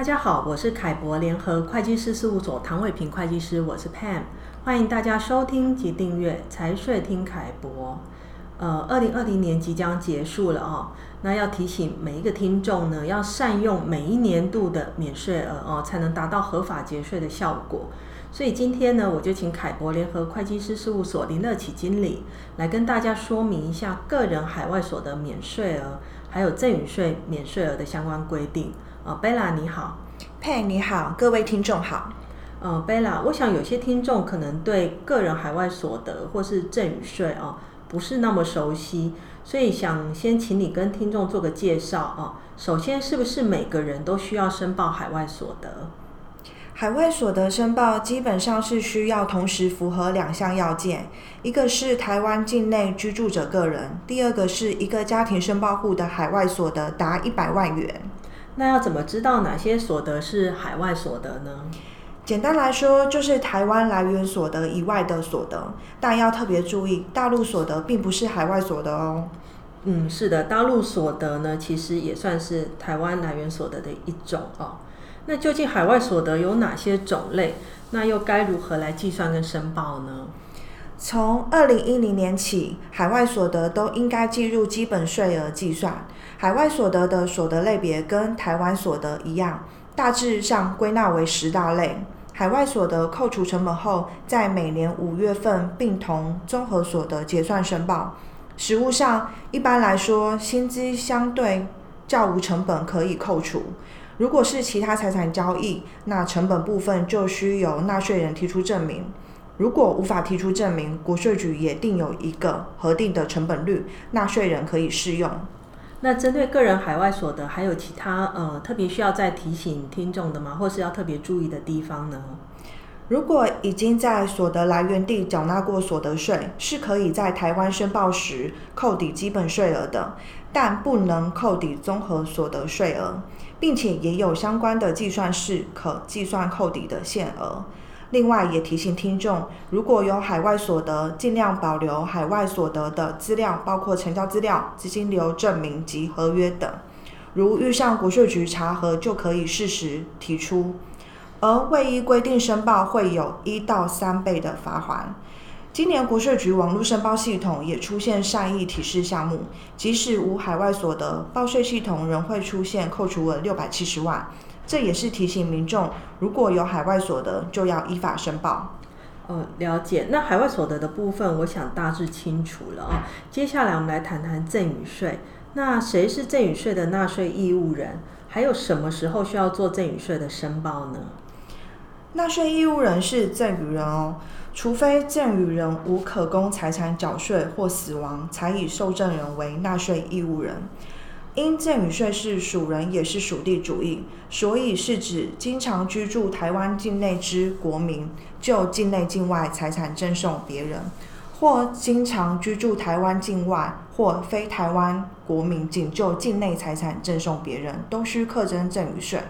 大家好，我是凱博聯合會計師事務所唐偉平會計師，我是 Pam，歡迎大家收聽及訂閱財稅聽凱博。呃，二零二零年即將結束了哦，那要提醒每一個聽眾呢，要善用每一年度的免稅額哦，才能達到合法節稅的效果。所以今天呢，我就請凱博聯合會計師事務所林樂起經理來跟大家說明一下個人海外所得免稅額，還有贈與稅免稅額的相關規定。哦，貝拉你好，佩你好，各位聽眾好。呃，貝拉，我想有些聽眾可能對個人海外所得或是贈與稅哦，不是那麼熟悉，所以想先請你跟聽眾做個介紹哦。首先，是不是每個人都需要申報海外所得？海外所得申報基本上是需要同時符合兩項要件，一個是台灣境內居住者個人，第二個是一個家庭申報戶的海外所得達一百萬元。那要怎麼知道哪些所得是海外所得呢？簡單來說，就是台灣來源所得以外的所得，但要特別注意，大陸所得並不是海外所得哦。嗯，是的，大陸所得呢，其實也算是台灣來源所得的一種哦。那究竟海外所得有哪些種類？那又該如何來計算跟申報呢？從二零一零年起，海外所得都應該計入基本稅額計算。海外所得的所得類別跟台灣所得一樣，大致上歸納為十大類。海外所得扣除成本後，在每年五月份並同綜合所得結算申報。實務上，一般來說，薪資相對較無成本可以扣除。如果是其他財產交易，那成本部分就需由納稅人提出證明。如果無法提出證明，國稅局也訂有一個核定的成本率，納稅人可以適用。那針對個人海外所得，還有其他呃、特別需要再提醒聽眾的嗎？或是要特別注意的地方呢？如果已經在所得來源地繳納過所得稅，是可以在台灣申報時扣抵基本稅額的，但不能扣抵綜合所得稅額，並且也有相關的計算式可計算扣抵的限額。另外也提醒聽眾，如果有海外所得，盡量保留海外所得的資料，包括成交資料、資金流證明及合約等。如遇上國稅局查核，就可以適時提出。而未依規定申報，會有一到三倍的罰鍰。今年國稅局網絡申報系統也出現善意提示項目，即使無海外所得，報稅系統仍會出現扣除額六百七十萬。這也是提醒民眾，如果有海外所得，就要依法申報。呃、嗯，了解。那海外所得的部分，我想大致清楚了啊、哦。接下來我們來談談贈與稅。那誰是贈與稅的納稅義務人？還有什麼時候需要做贈與稅的申報呢？納稅義務人是贈與人哦，除非贈與人無可供財產繳稅或死亡，才以受贈人為納稅義務人。因贈與稅是屬人也是屬地主義，所以是指經常居住台灣境內之國民，就境內境外財產贈送別人，或經常居住台灣境外或非台灣國民，僅就境內財產贈送別人，都需課徵贈與稅。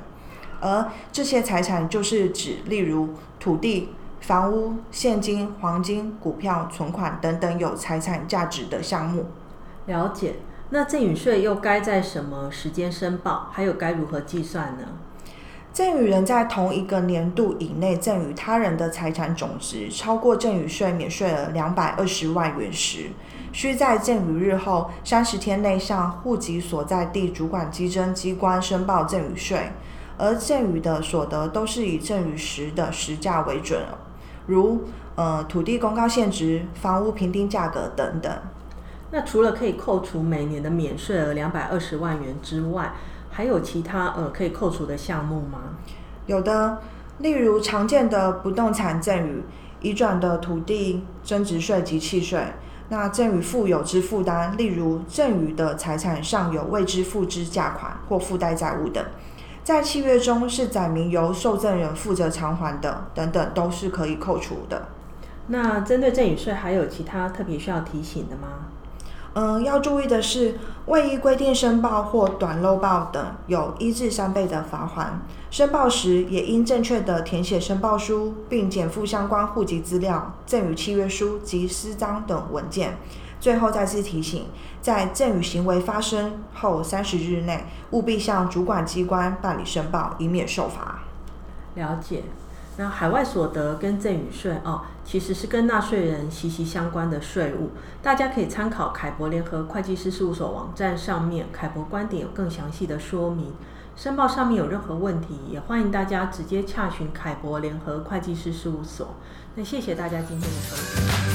而這些財產就是指，例如土地、房屋、現金、黃金、股票、存款等等有財產價值的項目。了解。那贈與稅又該在什麼時間申報？還有該如何計算呢？贈與人在同一個年度以內贈與他人的財產總值超過贈與稅免稅額兩百二十萬元時，需在贈與日後三十天內向戶籍所在地主管稽徵機關申報贈與稅。而贈與的所得都是以贈與時的時價為準，如呃土地公告現值、房屋評定價格等等。那除了可以扣除每年的免稅額兩百二十萬元之外，還有其他呃可以扣除的項目嗎？有的，例如常見的不動產贈與、移轉的土地增值稅及契稅，那贈與附有之負擔，例如贈與的財產上有未支付之價款或附帶債務等，在契約中是載明由受贈人負責償還的等等，都是可以扣除的。那針對贈與稅，還有其他特別需要提醒的嗎？嗯，要注意的是，未依規定申報或短漏報等，有一至三倍的罰鍰。申報時也應正確的填寫申報書，並檢附相關戶籍資料、贈與契約書及私章等文件。最後再次提醒，在贈與行為發生後三十日內，務必向主管機關辦理申報，以免受罰。了解。那海外所得跟贈與稅哦，其實是跟納稅人息息相關的稅務，大家可以參考凱博聯合會計師事務所網站上面凱博觀點，有更詳細的說明。申報上面有任何問題，也歡迎大家直接洽詢凱博聯合會計師事務所。那謝謝大家今天的收聽。